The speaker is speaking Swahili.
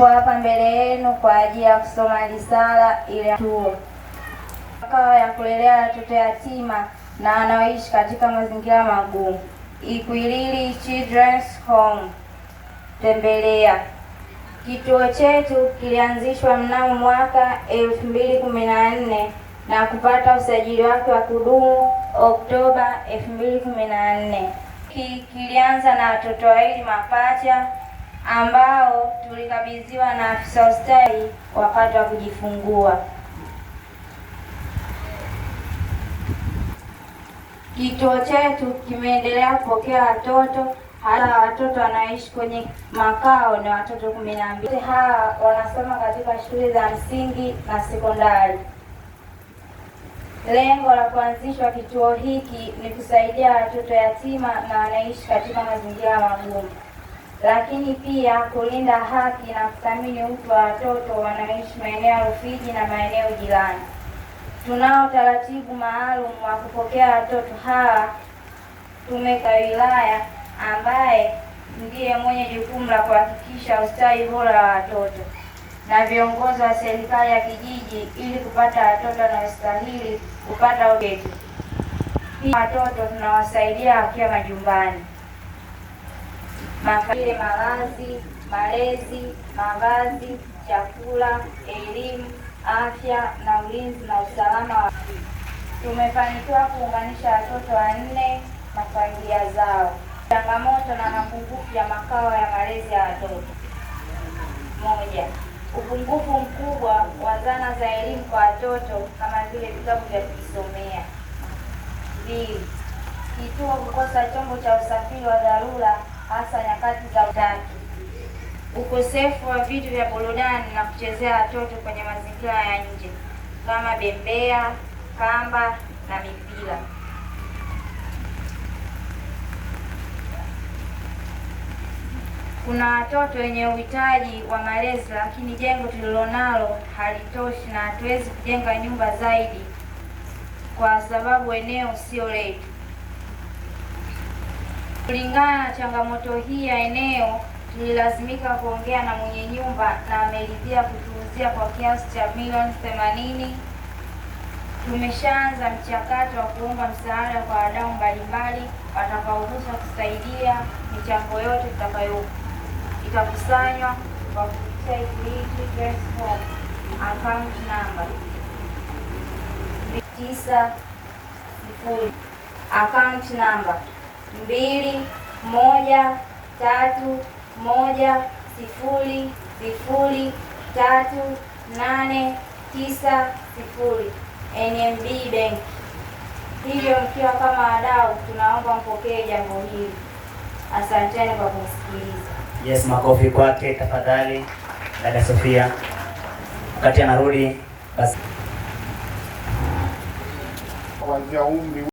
Kwa hapa mbele yenu kwa ajili ya kusoma risala ile tuo makao ya kulelea watoto yatima na wanaoishi katika mazingira magumu, ikwilili Children's Home tembelea. Kituo chetu kilianzishwa mnamo mwaka elfu mbili kumi na nne na kupata usajili wake wa kudumu Oktoba elfu mbili kumi na nne. Kilianza na watoto wawili mapacha ambao tulikabidhiwa na afisa ustawi wakati wa kujifungua. Kituo chetu kimeendelea kupokea watoto hata watoto wanaishi kwenye makao ni watoto kumi na mbili. Hawa wanasoma katika shule za msingi na sekondari. Lengo la kuanzishwa kituo hiki ni kusaidia watoto yatima na wanaishi katika mazingira magumu lakini pia kulinda haki na kuthamini utu wa watoto wanaishi maeneo ya Rufiji na maeneo jirani. Tunao taratibu maalum wa kupokea watoto hawa tumeka wilaya ambaye ndiye mwenye jukumu la kuhakikisha ustawi bora wa watoto na viongozi wa serikali ya kijiji ili kupata watoto wanaostahili kupata ubeti. Pia watoto tunawasaidia wakiwa majumbani makabile, malazi, malezi, mavazi, chakula, elimu, afya na ulinzi na usalama. Tumefanikiwa kuunganisha watoto wanne na familia zao. Changamoto na mapungufu ya makao ya malezi ya watoto: moja, upungufu mkubwa wa zana za elimu kwa watoto kama vile vitabu vya kujisomea; mbili, kituo kukosa chombo cha usafiri wa dharura hasa nyakati za utaki, ukosefu wa vitu vya burudani na kuchezea watoto kwenye mazingira ya nje kama bembea, kamba na mipira. Kuna watoto wenye uhitaji wa malezi, lakini jengo tulilonalo halitoshi na hatuwezi kujenga nyumba zaidi kwa sababu eneo sio letu. Kulingana na changamoto hii ya eneo, tulilazimika kuongea na mwenye nyumba na ameridhia kutuuzia kwa kiasi cha milioni themanini. Tumeshaanza mchakato wa kuomba msaada kwa wadau mbalimbali watakaoruhusa kusaidia michango yote itakayo itakusanywa kwa kupitia Equity account number tisa sifuri account namba mbili moja tatu moja sifuri sifuri tatu nane tisa sifuri NMB Bank. Hivyo mkiwa kama wadau, tunaomba mpokee jambo hili. Asanteni kwa kumsikiliza. Yes, makofi kwake tafadhali, dada Sofia, wakati anarudi basi kuanzia umri